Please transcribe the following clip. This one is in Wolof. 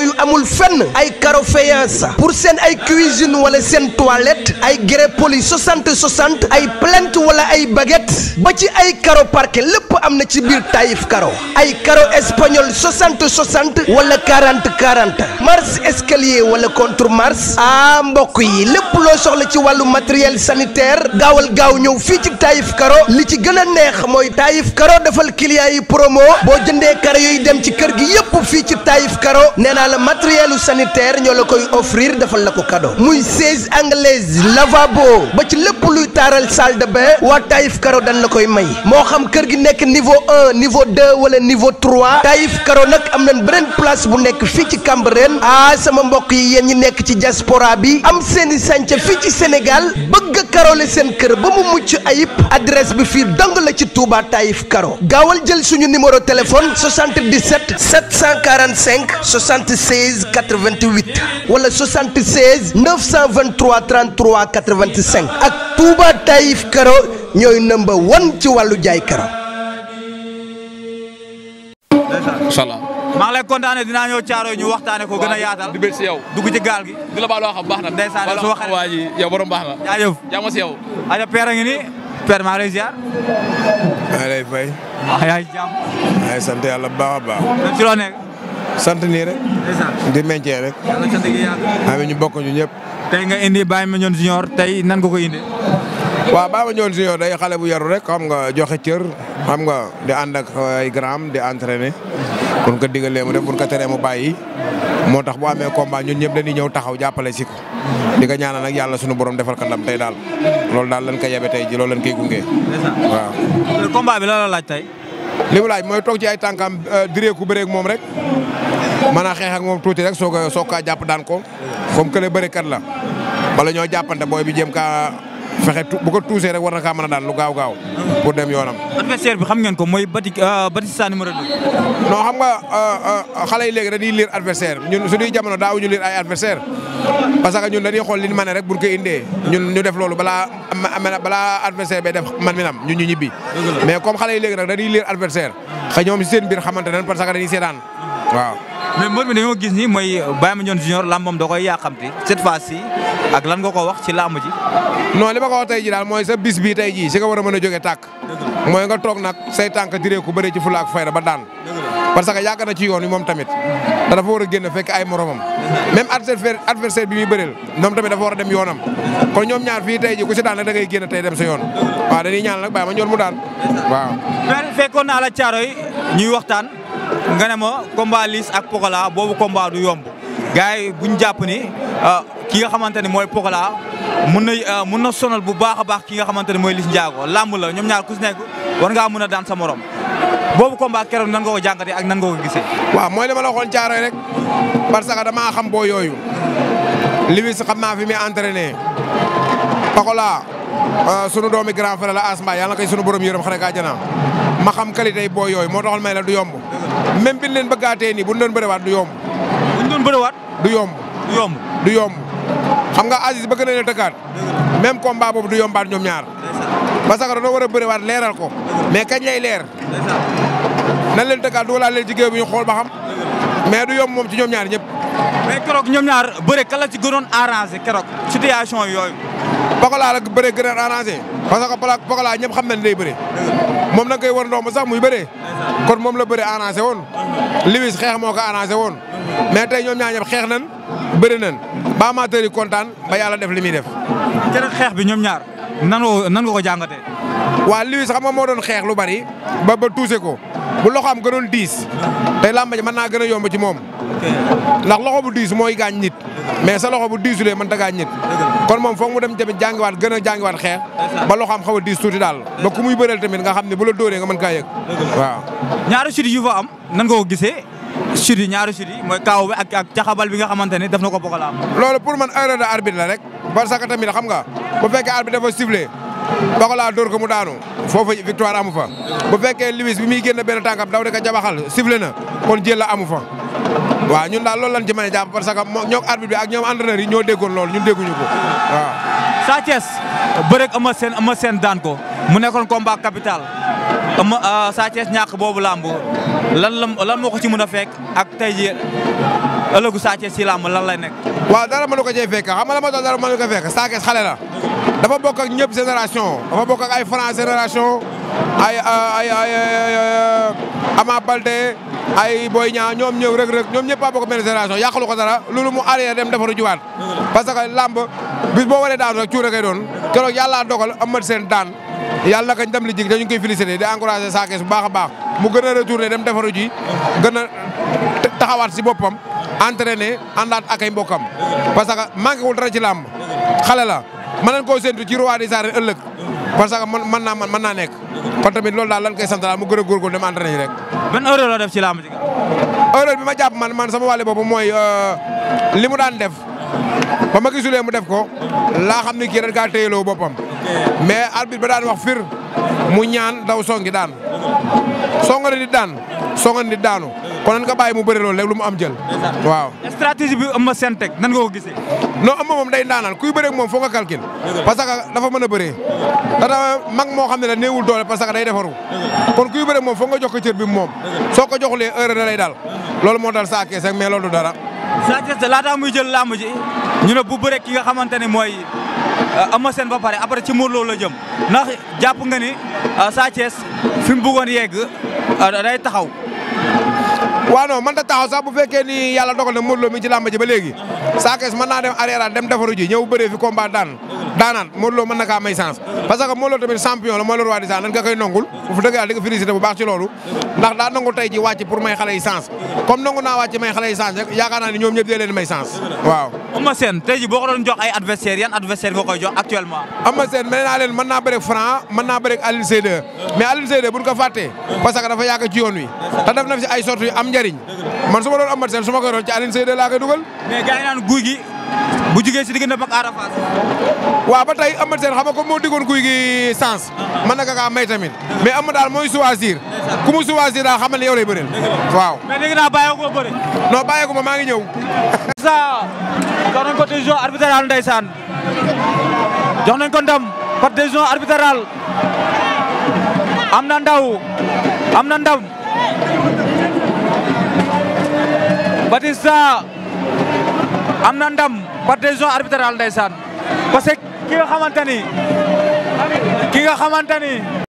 yooyu amul fenn ay carreau pour s'en ay cuisine wala sen toilette ay grepoli 60 60 ay plainte wala ay baguette ba ci ay carreau parquet lépp ci bir Taïf caro ay caro espagnol 60 60 wala 40 40 mars escalier wala contre mars a ah, mbok yi lepp lo soxla ci walu matériel sanitaire gaawal gaaw ñëw Taïf Karo li ci gën a neex mooy Taïf Karo defal clients yi promo boo jëndee karo yooyu dem ci kër gi yépp fii ci Taïf Karo nee naa la matériel sanitaire ñoo la koy offrir defal la ko cadeau muy siège anglaise lavabo ba ci lépp luy taaral salle de bain waa Taïf Karo dañ la koy may moo xam kër gi nekk niveau un niveau deux wala niveau trois Taïf Karo nag am nañ beneen place bu nekk fii ci Cambérène ah sama mbokk yi yéen ñi nekk ci diaspora bi am seeni sànca fii ci Sénégal bëgg a seen kër ba mu yëpp bi fii dong la ci Touba Taïf Karo gaawal jël suñu numéro téléphone 77 745 76 88 wala 76 923 33 85 ak Touba Taïf Karo ñooy number one ci wàllu jaay karo. salaam. maa ngi dina kontaanee dinaa ñëw caaro ñu waxtaane ko gën a yaatal. si yow dugg ci gaal gi. di la baal loo xam baax na. ndeysaan su waxee si yow. aja peera ngi nii. père maa ngi lay ziar. maa ngi lay fay. yaa ngi jàmm. maa ngi sant yàlla bu baax a sant nii di meññee rek. yàlla sant ñu bokkuñu ñu ñëpp. tey nga indi Baye Mandione Junior tey nan nga ko indi. waaw Baye Mandione Junior day xale bu yaru rek xam nga joxe cër xam nga di ànd ak gram di entraîner. buñ ko digalee mu def buñ ko teree mu bàyyi moo tax bu amee combat ñun ñëpp dañuy ñëw taxaw jàppale si ko di ko ñaanal nag yàlla suñu borom defal ko ndam tey daal loolu daal lañ ko yebe tey ji loolu lañ koy waaw. la laaj tey. li mu laaj mooy toog ci ay tànkam euh, diree ku bëree ak moom rek mën a xeex ak moom tuuti rek soog a soog daan ko comme que le bërekat la bala ñoo jàppante booy bi jéem kaa fexe bu ko tuusee rek war na kaa a daan lu gaaw gaaw. pour dem yoonam. adversaire bi xam ngeen ko mooy Bati euh, Batista numéro 2. non xam nga euh, euh, xale yi léegi dañuy lire adversaire ñun suñuy jamono daawuñu lire ay adversaire parce que ñun dañuy xool li ñu rek buñ ko indee. ñun ñu def loolu balaa balaa adversaire bay def man mi nam ñun ñu ñibbi. mais comme xale yi léegi nag dañuy lire adversaire xëy ñoom si seen biir xamante nañ parce que dañuy waaw. mais mbër mi dañoo gis ni mooy Baye ko wax ci làmb ji. ma ko ji daal mooy sa bis bii si nga war a mën a jógee tàkk. mooy nga toog nag say tànk diree ku bëree ci fula ak fayda ba daan. parce que tamit. te dafa war a génn fekk ay moromam. bi muy a dem yoonam. kon ñoom ñaar fii ji ku si daan nag da ngay génn tey dem sa yoon. waaw dañuy ñaan nag Baye daan waaw. fekkoon naa la caaro yi nga ne ma combat Liss ak Pokola boobu combat du yomb gars yi bu ñu jàpp ni euh, ki nga xamante ne mooy Pokola mun na euh, mun na sonal bu baax a baax ki nga xamante ne mooy Liss Ndiago làmb ñoom ñaar ku si nekk war ngaa mën a daan sa morom boobu combat keroog nan nga ko jàngatee ak nan nga ko gisee. waaw mooy li ma la waxoon caaroy rek parce que damaa xam boo yooyu Liss xam naa fi muy entraîné euh, sunu doomi grand frère Asma yàlla na koy sunu borom yërëm xare ka ma xam qualité yi boo yooyu moo taxoon may la du yomb. même bin ñu leen bëggaatee nii bu ñu doon bëriwaat du yomb. bu ñu doon bëriwaat. du yomb. yomb du yomb. xam nga Aziz bëgg nañ la tëkkaat. même combat boobu du yombaat ñoom ñaar. parce que dañoo war a bëriwaat leeral ko. mais kañ lay leer. nan leen tëkkaat dugalal leen ci géew bi ñu xool ba xam. mais du yomb moom ci ñoom ñaar ñëpp. mais keroog ñoom ñaar bëre kala ci gënoon arrangé keroog situation yooyu. Pokola la bëre gën a arrangé parce que Pokola Pokola ñëpp xam nañ day bëre. moom na koy war ndox ma sax muy bëre kon moom la bëre arrangé woon. Liwis xeex moo ko arrangé woon. mais tey ñoom ñaar ñëpp xeex nañ bëri nañ ba amateur yi kontaan ba yàlla def li muy def. keroog xeex bi ñoom ñaar nan nan nga ko jàngatee. waa Liwis xam nga moo doon xeex lu bari ba ba tuuse ko. bu loxo am gënoon diis tey làmb ji mën naa gën a yomb ci moom ndax loxo bu diis mooy gaañ nit mais sa loxo bu diisulee man ta gaañ nit kon moom foog mu dem tamit jàngiwaat gën a jàngiwaat xeex ba loxo am xaw a diis tuuti daal ba ku muy bëreel tamit nga xam ne bu la dóoree nga man kaa yëg waaw ñaari chute yu am nan nga ko gisee chute yi ñaari chute yi mooy kaaw bi ak ak bi nga xamante ne daf na ko bokkalaam loolu pour man erreur de arbitre la rek parce que tamit xam nga Pokola dóor ko mu daanu foofu victoire amu fa bu fekkee Lewis bi muy génn benn tànkam daw di ko jabaxal sifflé na kon jël la amu fa. waaw ñun daal loolu lañ ci mën a jàpp parce que ñoom arbitre bi ak ñoom entraîneur yi ñoo déggoon loolu ñun dégguñu ko waaw. Sa Thiès bëreeg Eumeu Sène Eumeu Sène daan ko mu nekkoon combat capital Eumeu euh, Sa Thiès boobu làmb lan la lan moo ko ci mën a fekk ak tey jii ëllëgu Sa Thiès ci làmb lan lay nekk. waa dara mënu ko cee fekk xam ma doon dara mënu ko fekk Sa dafa bokk ak ñëpp génération dafa bokk ak ay France génération ay ay ay Ama Baldé ay Boy Niang ñoom ñëw rek rek ñoom ñëpp a bokk benn génération yàqalu ko dara loolu mu arrière dem defaru jiwaat parce que làmb bis boo waree daan rek cuura kay doon keroog yàlla dogal amat seen daan yàlla naka ndam li jig dañu koy féliciter di encourager saa kees bu baax a baax mu gën a retourner dem defaru ji gën a taxawaat si boppam entraîner àndaat ak ay mbokkam parce que manqué wul dara ci làmb xale la mën nañ koo séntu ci roi des arènes ëllëg parce que mën naa man mën naa nekk kon tamit loolu daal lan koy santa daal mu gën a góorgóorlu dem entraîné rek. ban erreur la def ci làmb ji. erreur bi ma jàpp man man sama wàll boobu mooy euh, li mu daan def ba ma gisulee mu def ko laa xam ni kii rek kaa téyeloo boppam mais arbitre ba daan wax fir mu ñaan daw songi daan songa di daan songa di daanu kon nan nga bàyyi mu bëri loolu le lu mu am jël waaw. stratégie bi am ma seen teg nan ko gisee. non am moom day ndaanaan kuy bëree moom foo nga calcul parce que dafa mën a bëree te mag moo xam ne la néewul doole parce que day defaru kon kuy bëree moom foo nga jox ko cër bi moom soo ko joxulee heure da lay daal loolu moo dal Sa Thiès rek mais loolu du dara Sa Thiès laataa muy jël làmb ji ñu ne bu bëree ki nga xamante ne mooy euh, Eumeu Sène ba pare après ci Modou Lô la jëm ndax jàpp nga ni euh, Sa Thiès fi mu bëggoon yegg euh, day taxaw wano man da taxaw sax bu fekke ni yalla dogal na modlo mi ci lamb ji ba legi Sa kess man na dem arrière dem defaru ji ñew beure fi combat dan danan modlo man naka may sens parce que modlo tamit champion la mooy le roi des arènes nan nga koy nongul fu dëgg yàlla di ko félicité bu baax ci lolu ndax da nangu tay ji wacc pour may xalé yi chance comme nangu na wacc may xalé yi chance rek yaakaar naa ni ñom ñëpp de leen may sens waaw amma sen tay ji boko ko doon jox ay adversaire yan adversaire nga koy jox actuellement amma sen mel na leen man na bëre Franc man na bëre Alioune Sèye 2 mais Alioune 2 buñ ko faté parce que dafa yaaka ci yoon wi ta def na fi ay sorties am njariñ man su ma doon Eumeu Sène su ma koy doon laa koy dugal. mais gars naan guy gi bu jugee si diggante ak Ada Fass. ba tey Eumeu Sène xam nga comme moo diggoon guy gi sens. man naka kaa may tamit. mais Eumeu daal mooy choisir. ku mu choisir daal xamal ne lay bëreel. waaw mais léegi naa bàyyeeku ma maa ngi ñëw. sa jox nañ ko décision arbitrale ndeysaan jox nañ ko ndam par décision arbitrale am na ndaw am na ndam. Batista am na ndam par décision arbitrale ndeysaan parce que ki nga xamante ni ki nga xamante